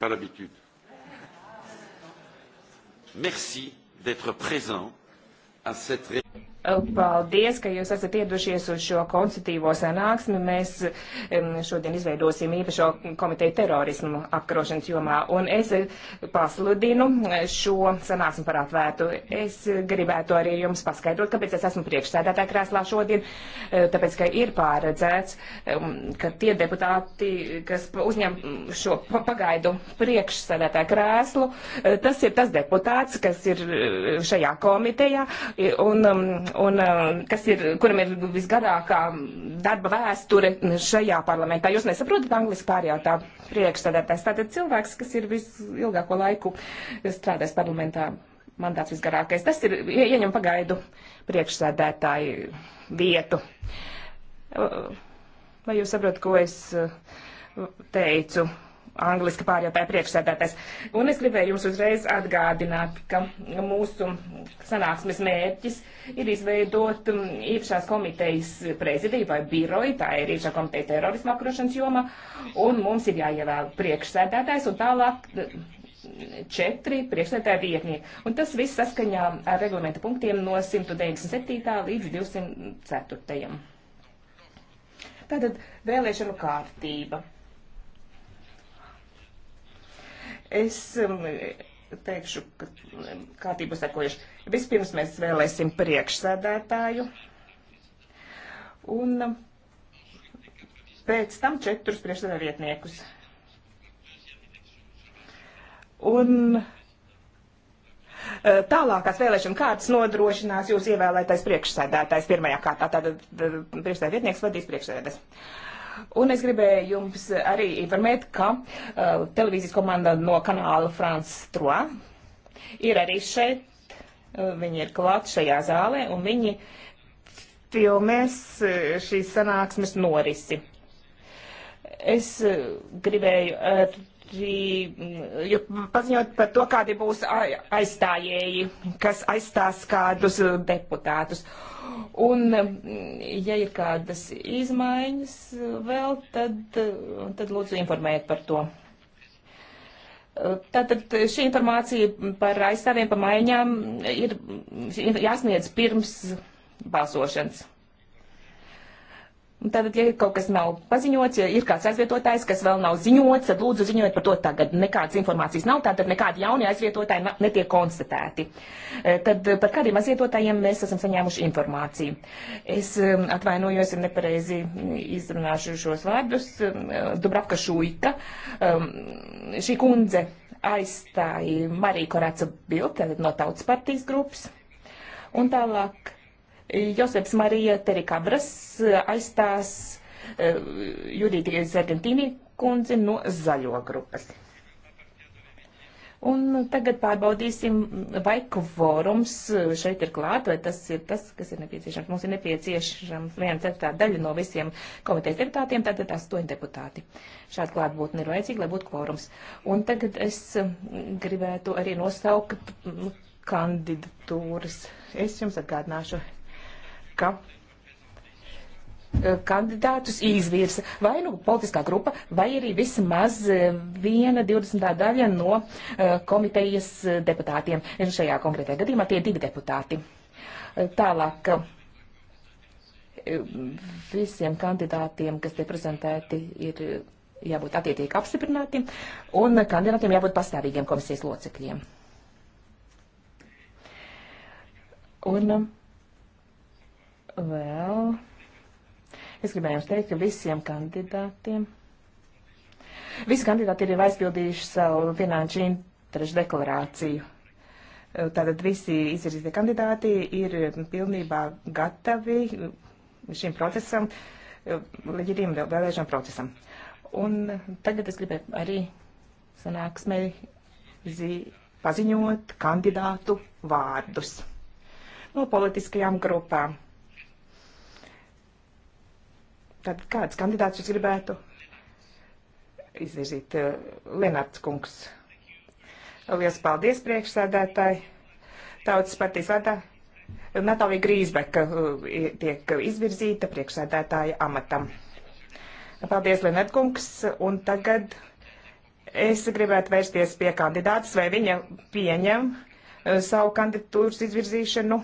Pas l'habitude. Merci d'être présent à cette réunion. Oh, paldies, ka jūs esat iedušies uz šo konsultīvo sanāksmi. Mēs šodien izveidosim īpašo komiteju terorismu apkarošanas jomā. Un es eh, pasludinu eh, šo sanāksmi par atvērtu. Es gribētu arī jums paskaidrot, kāpēc es esmu priekšsēdētāja krēslā šodien. Eh, tāpēc, ka ir pārredzēts, ka tie deputāti, kas uzņem šo pagaidu priekšsēdētāja krēslu, tas ir tas deputāts, kas ir šajā komitejā. Un, un eh, kas ir, kuram ir visgarākā darba vēsture šajā parlamentā. Jūs nesaprotat angliski pārjautā priekšstādātājs. Tātad cilvēks, kas ir visilgāko laiku strādājis parlamentā, mandāts visgarākais, tas ir ieņem pagaidu priekšsēdētāju vietu. Eh, vai jūs saprotat, ko es eh, teicu? angliski pārjautāja priekšsēdētājs. Un es gribēju jums uzreiz atgādināt, ka mūsu sanāksmes mērķis ir izveidot um, īpašās komitejas prezidiju vai biroju, tā ir īpašā komiteja terorisma apkarošanas joma, un mums ir jāievēl priekšsēdētājs un tālāk uh, četri priekšsēdētāji vietnieki. Un tas viss saskaņā ar reglamenta punktiem no 197. līdz 204. Tātad vēlēšanu kārtība. Es um, teikšu, ka um, kārtību sekojuši. Vispirms mēs vēlēsim priekšsēdētāju, un um, pēc tam četrus priekšsēdētāju vietniekus. Un uh, Tālākās vēlēšana kārtas nodrošinās jūs ievēlētais priekšsēdētājs pirmajā kārtā. Tātad uh, priekšsēdētājs vietnieks vadīs priekšsēdētājs. Un es gribēju jums arī informēt, ka uh, televīzijas komanda no kanāla France 3 ir arī šeit. Uh, viņi ir klāt šajā zālē un viņi filmēs uh, šīs sanāksmes norisi. Es uh, gribēju arī mm, paziņot par to, kādi būs aizstājēji, kas aizstās kādus uh, deputātus. Uh, Un, mm, ja ir kādas izmaiņas vēl, tad, tad lūdzu informējiet par to. Tātad šī informācija par aizstāvjiem, par maiņām ir jāsniedz pirms balsošanas. Tātad, ja kaut kas nav paziņots, ja ir kāds aizvietotājs, kas vēl nav ziņots, tad lūdzu ziņojiet par to tagad. Nekādas informācijas nav, tātad nekādi jauni aizvietotāji netiek konstatēti. E, tad e, par kādiem aizvietotājiem mēs esam saņēmuši informāciju. Es e, atvainojos, ja nepareizi izrunāšu šos vārdus. Dubravka Šuika, šī kundze aizstāja Mariju Korācu Bilt, no Tautas partijas grupas. Un tālāk Joseps Marija Terikabras aizstās e, Judīti Zergentīni kundzi no zaļo grupas. Un tagad pārbaudīsim, vai kvorums šeit ir klāt, vai tas ir tas, kas ir nepieciešams. Mums ir nepieciešams viena ceturtā daļa no visiem komitejas deputātiem, tātad astoņi deputāti. Šāda klātbūtne ir vajadzīga, lai būtu kvorums. Un tagad es gribētu arī nosaukt kandidatūras. Es jums atgādināšu ka eh, kandidātus izvirsa vai nu politiskā grupa, vai arī vismaz eh, viena 20. daļa no eh, komitejas deputātiem. Un šajā konkrētajā gadījumā tie ir divi deputāti. Tālāk visiem kandidātiem, kas te prezentēti, ir jābūt attiecīgi apstiprinātiem, un kandidātiem jābūt pastāvīgiem komisijas locekļiem. Un, um, vēl. Es gribēju jums teikt, ka visiem kandidātiem, visi kandidāti ir jau aizpildījuši savu finanšu interešu deklarāciju. Tātad visi izvirzītie kandidāti ir pilnībā gatavi šim procesam, leģitīm vēlēšanu procesam. Un tagad es gribēju arī sanāksmei paziņot kandidātu vārdus no politiskajām grupām. Tad kāds kandidāts jūs gribētu izvirzīt? Eh, Lenārds kungs. Lielas paldies priekšsēdētāji. Tautas partijas vārdā. Natālija Grīsbeka eh, tiek izvirzīta priekšsēdētāja amatam. Paldies, Lenārds kungs. Un tagad es gribētu vērsties pie kandidātas, vai viņa pieņem eh, savu kandidatūras izvirzīšanu.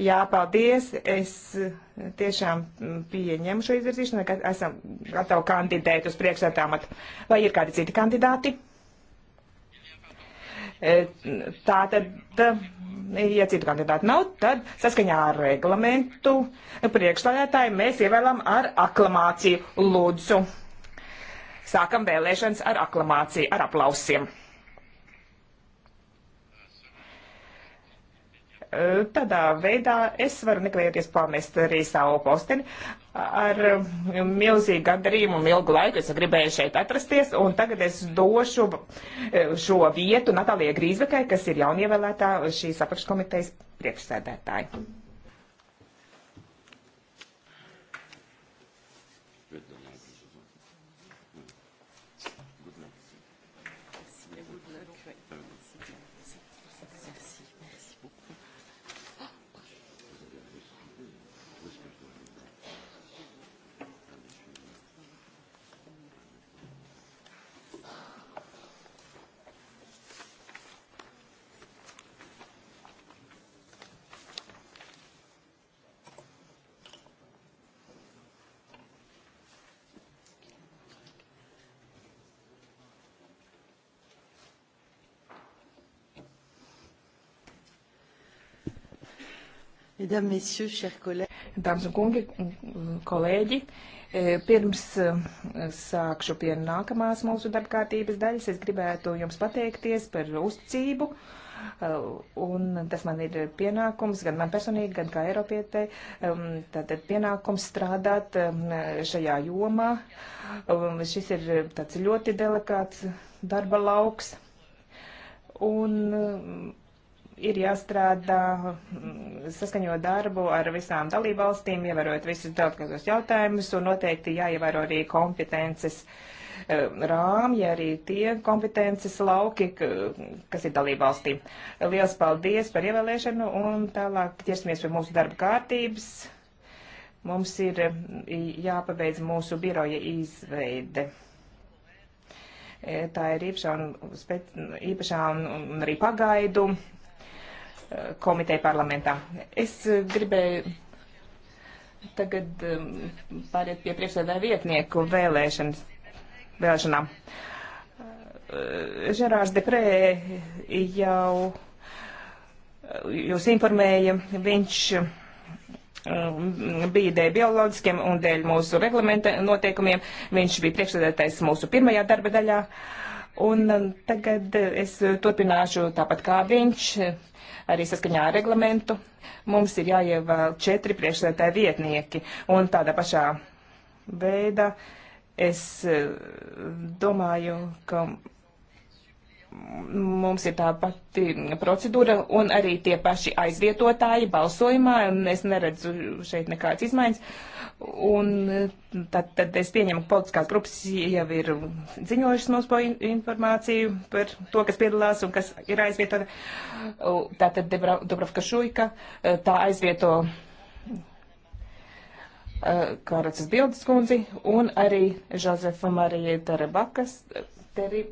Jā, paldies. Es eh, tiešām mm, pieņemu šo izvirzīšanu, ka esam gatavi kandidēt uz priekšsētāmatu. Vai ir kādi citi kandidāti? Eh, tā tad, eh, ja citu kandidātu nav, tad saskaņā ar reglamentu priekšstādātāju mēs ievēlam ar aklamāciju lūdzu. Sākam vēlēšanas ar aklamāciju, ar aplausiem. Eh, tādā veidā es varu nekavējoties pamest arī savu posteni ar eh, milzīgu gandarījumu un ilgu laiku. Es gribēju šeit atrasties, un tagad es došu eh, šo vietu Natālijai Grīzbekai, kas ir jaunievēlētā šīs apakškomitejas priekšsēdētāja. Dāmas un kungi, kolēģi, e, pirms e, sākšu pie nākamās mūsu darbkārtības daļas, es gribētu jums pateikties par uzticību. E, un tas man ir pienākums, gan man personīgi, gan kā Eiropietē, tātad pienākums strādāt šajā jomā. Šis ir tāds ļoti delikāts darba lauks. Un ir jāstrādā, mm, saskaņot darbu ar visām dalībvalstīm, ievērojot visus daudzgados jautājumus un noteikti jāievēro arī kompetences eh, rāmji, arī tie kompetences lauki, kas ir dalībvalstīm. Liels paldies par ievēlēšanu un tālāk ķersimies pie mūsu darba kārtības. Mums ir mm, jāpabeidz mūsu biroja izveide e, tā ir īpašā un, īpašā un, un arī pagaidu komiteja parlamentā. Es eh, gribēju tagad eh, pāriet pie priekšsēdētāja vietnieku vēlēšanas, vēlēšanām. Eh, Žerārs Deprē jau jūs informēja, viņš bija dēļ bioloģiskiem un dēļ mūsu reglamenta noteikumiem. Viņš bija priekšsēdētājs mūsu pirmajā darba daļā. Uh, Un um, tagad uh, es uh, turpināšu tāpat kā viņš, uh, arī saskaņā ar reglamentu. Mums ir jāievēl četri priekšsētāji vietnieki. Un tādā pašā veidā es domāju, ka mums ir tā pati procedūra un arī tie paši aizvietotāji balsojumā, un es neredzu šeit nekādas izmaiņas. Un tad, tad es pieņemu, ka politiskās grupas jau ir ziņojušas mums par informāciju par to, kas piedalās un kas ir aizvietota. Tātad Dubravka Šuika tā aizvieto uh, Kāracas Bildes kundzi un arī Žozefa Marija Terebakas. Teri,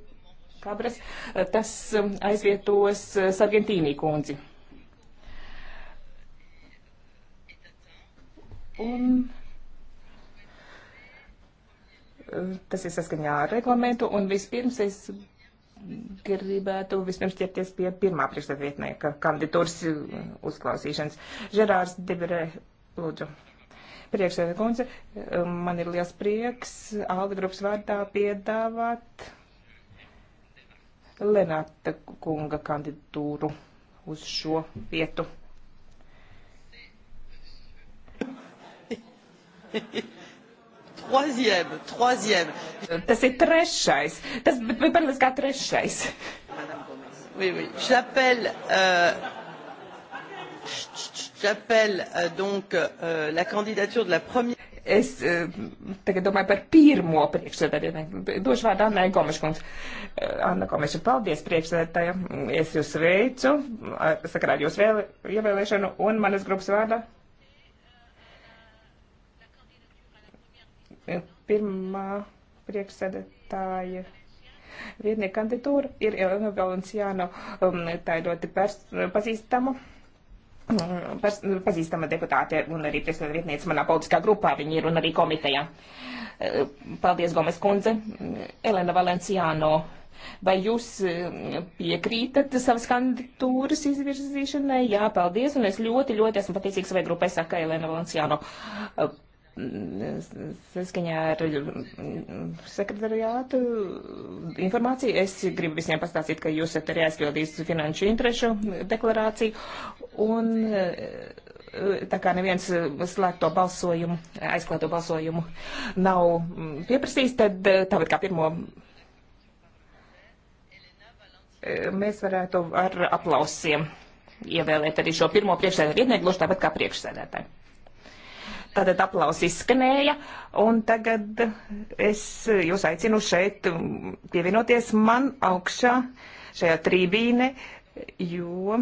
Kabras, tas um, aizvietos uh, Sargentīnī kundzi. Un uh, tas ir saskaņā ar reglamentu, un vispirms es gribētu vispirms ķerties pie pirmā priekšstādvietnieka kandidatūras uh, uzklausīšanas. Žerārs Debre, lūdzu. Priekšsēdē kundze, man ir liels prieks Alda grupas vārdā piedāvāt Lenāta kunga kandidatūru uz šo vietu. Troisième, troisième. Tas ir trešais. Tas bija paredzēts kā trešais. Oui, oui. J'appelle, euh, j'appelle euh, donc euh, la candidature de la première. Es eh, tagad domāju par pirmo priekšsēdētāju. Došu vārdu Annai Gomeškungs. Eh, Anna Gomeša, paldies priekšsēdētāja. Es jūs sveicu, eh, sakarā ar jūsu ievēlēšanu un manas grupas vārdā. Pirmā priekšsēdētāja vietnieka kandidatūra ir Elena Valenciāno. Um, tā ir ļoti pazīstama pazīstama deputāte un arī priekšstādā vietniece manā politiskā grupā, viņa ir un arī komitejā. Paldies, Gomes kundze. Elena Valenciāno, vai jūs eh, piekrītat savas kandidatūras izvirzīšanai? Jā, paldies, un es ļoti, ļoti esmu pateicīgs savai grupai, saka Elena Valenciāno. Saskaņā ar mm, sekretariātu informāciju es gribu visiem pastāstīt, ka jūs esat arī aizpildījis finanšu interešu deklarāciju, Un eh, tā kā neviens eh, slēgto balsojumu, aizklāto balsojumu nav mm, pieprasījis, tad eh, tāpat kā pirmo mēs varētu ar aplausiem ievēlēt arī šo pirmo priekšsēdētāju vietnieku, gluži tāpat kā priekšsēdētāju. Tātad aplausi izskanēja, un tagad es jūs aicinu šeit mm, pievienoties man augšā šajā trībīne jo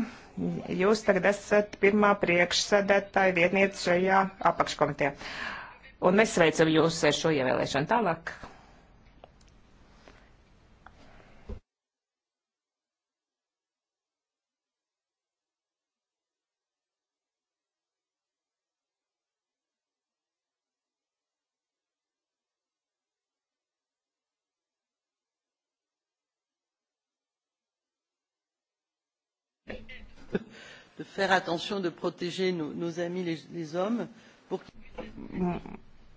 jūs tagad esat pirmā priekšsēdētāja vietniece šajā apakškomitejā. Un mēs sveicam jūs ar šo ievēlēšanu tālāk. de faire attention, de protéger nos, nos amis les, les hommes. Pour...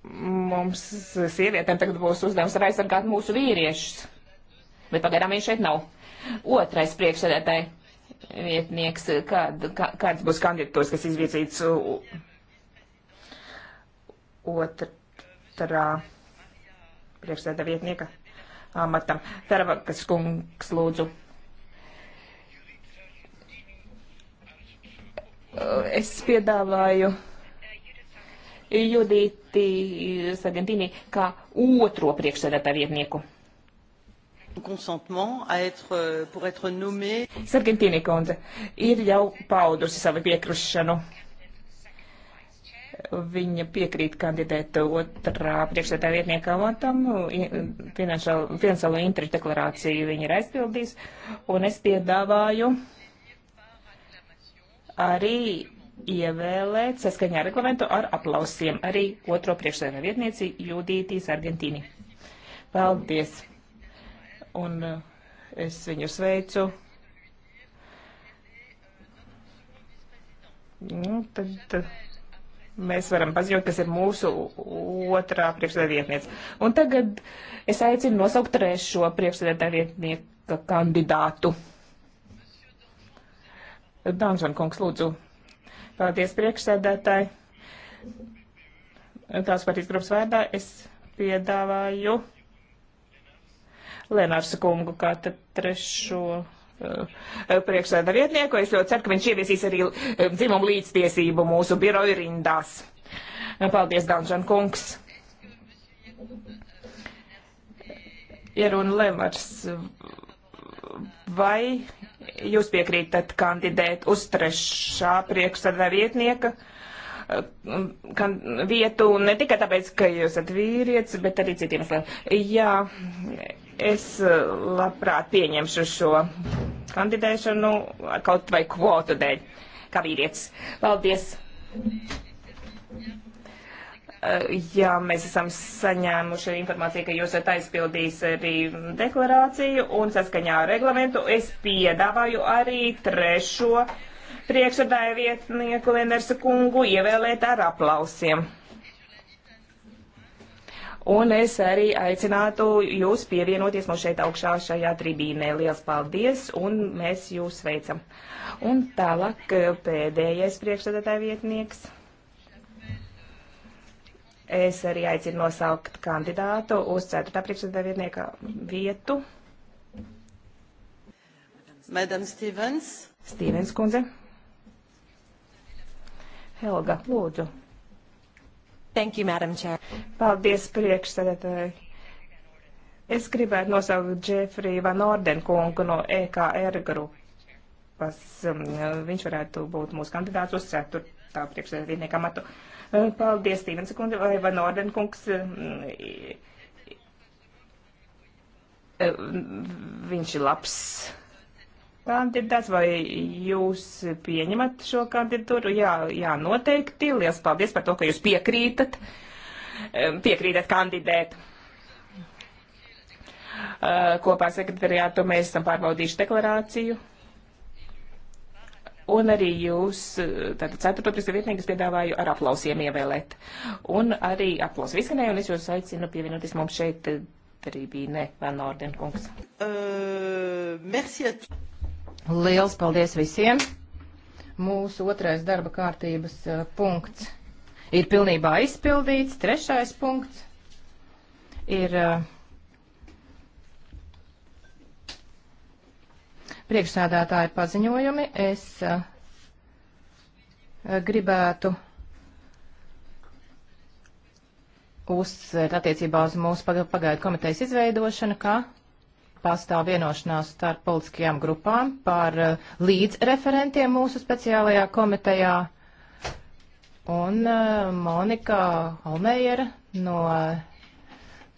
Mums eh, sievietēm tagad būs uzdevums arī aizsargāt mūsu vīriešus, bet pagaidām viņš šeit nav. Otrais priekšsēdētāji vietnieks, kād, kā, kāds būs kandidatūrs, kas izvirzīts otrā priekšsēdā vietnieka amatam. Tarvakas kungs lūdzu. Eh, es piedāvāju Judīti Sargentīnī kā otro priekšsēdētāju vietnieku. Euh, Sargentīnī kundze ir jau paudusi savu piekrušanu. Viņa piekrīt kandidēt otrā priekšsēdētāja vietnieka amatam. Eh, finansiālo interešu deklarāciju viņa ir aizpildījis, un es piedāvāju arī ievēlēt saskaņā ar reglamentu ar aplausiem arī otro priekšsēdētāju vietnieci Judītīs Argentīni. Paldies! Un eh, es viņu sveicu. Nu, tad, tad mēs varam paziņot, kas ir mūsu otrā priekšsēdētāja vietniece. Un tagad es aicinu nosaukt trešo priekšsēdētāja vietnieka kandidātu. Danžan kungs, lūdzu. Paldies priekšsēdētāji. Tās partijas grupas vārdā es piedāvāju Lenārs kungu kā trešo eh, priekšsēdā vietnieku. Es ļoti ceru, ka viņš ieviesīs arī eh, dzimumu līdztiesību mūsu biroju rindās. Paldies, Danžan kungs. Ir un Lenārs vai jūs piekrītat kandidēt uz trešā priekšsēdā vietnieka eh, kan, vietu ne tikai tāpēc, ka jūs esat vīrietis, bet arī citiem slēm. Jā, es eh, labprāt pieņemšu šo kandidēšanu kaut vai kvotu dēļ, kā vīrietis. Paldies! Thank you. Eh, ja mēs esam saņēmuši informāciju, ka jūs esat aizpildījis arī deklarāciju un saskaņā ar reglamentu, es piedāvāju arī trešo priekšsēdāju vietnieku Lenersa kungu ievēlēt ar aplausiem. Un es arī aicinātu jūs pievienoties mums šeit augšā šajā tribīnē. Liels paldies un mēs jūs sveicam. Un tālāk eh, pēdējais priekšsēdētāja vietnieks. Es arī aicinu nosaukt kandidātu uz 4. priekšsēdētāja vietnieka vietu. Madam Stevens. Stevens kundze. Helga, lūdzu. Thank you, Madam Chair. Paldies, priekšsēdētāji. Es gribētu nosaukt Džefriju Van Ordenkungu no EKR grupas. Um, viņš varētu būt mūsu kandidāts uz 4. priekšsēdētāja vietnieka matu. Uh, Paldies, Stīvens kundze, vai Van Orden kungs. Eh, eh, viņš ir labs kandidāts, vai jūs pieņemat šo kandidatūru? Jā, jā, noteikti. Lielas paldies par to, ka jūs piekrītat, eh, piekrītat kandidēt. Kopā sekretariātu mēs esam pārbaudījuši deklarāciju un arī jūs, tātad ceturto priekšsēdētnieku, es piedāvāju ar aplausiem ievēlēt. Un arī aplausi viskanēja, un es jūs aicinu pievienoties mums šeit tribīne, eh, Van Orden kungs. Uh, merci à tu. Liels paldies visiem! Mūsu otrais darba kārtības uh, punkts ir pilnībā izpildīts. Trešais punkts ir uh, priekšsēdētāja paziņojumi. Es uh, gribētu uzsvērt attiecībā uz mūsu pagaidu komitejas izveidošanu, ka pastāv vienošanās starp politiskajām grupām par uh, līdzreferentiem mūsu speciālajā komitejā. Un uh, Monika Holmējera no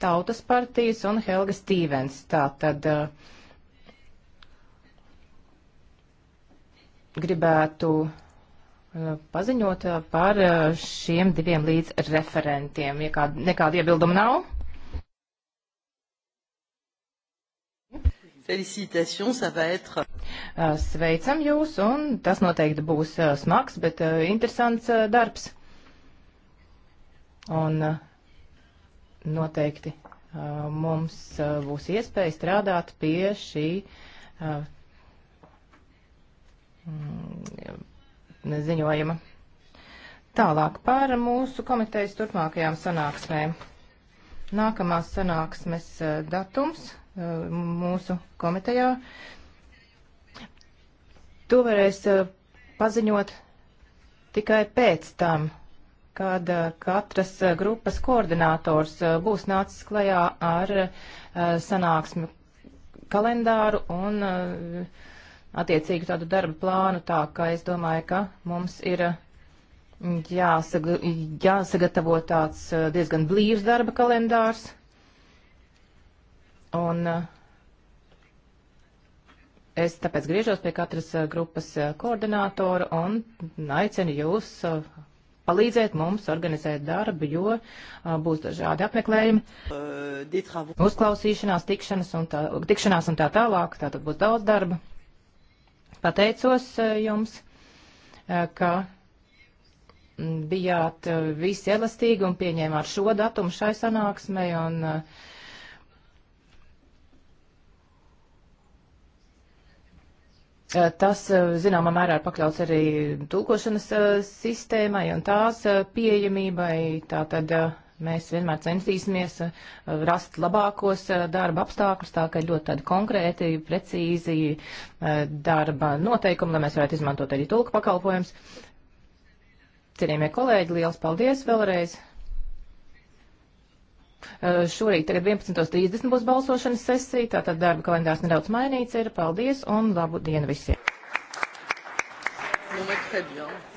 Tautas partijas un Helga Stīvens. Tātad uh, gribētu eh, paziņot eh, par eh, šiem diviem līdz referentiem. Ja kād, nekāda iebilduma nav? Felicitations, ça va être. Sveicam jūs, un tas noteikti būs smags, bet interesants darbs. Un noteikti mums būs iespēja strādāt pie šī Mm, ziņojuma. Tālāk par mūsu komitejas turpmākajām sanāksmēm. Nākamās sanāksmes eh, datums eh, mūsu komitejā. To varēs eh, paziņot tikai pēc tam, kad katras grupas koordinators būs nācis klajā ar sanāksmi kalendāru un uh, attiecīgu tādu darba plānu, tā ka es domāju, ka mums ir mm, jāsaga, jāsagatavo tāds diezgan blīvs darba kalendārs. Un es tāpēc griežos pie katras grupas koordinātora un aicinu jūs palīdzēt mums organizēt darbu, jo būs dažādi apmeklējumi, uzklausīšanās, tikšanas un tā, tikšanās un tā tālāk, tātad būs daudz darba. Pateicos eh, jums, eh, ka bijāt eh, visi elastīgi un pieņēmāt šo datumu šai sanāksmei. Un, Tas, zināmā mērā, ir pakļauts arī tulkošanas sistēmai un tās pieejamībai. Tātad Mēs vienmēr centīsimies eh, rast labākos eh, darba apstākļus, tā ka ļoti tādi konkrēti, precīzi eh, darba noteikumi, lai mēs varētu izmantot arī tulku pakalpojums. Cienījamie kolēģi, liels paldies vēlreiz! Šorīt tagad 11.30 būs balsošanas sesija, tātad darba kalendārs nedaudz mainīts ir. Paldies un labu dienu visiem! Nu,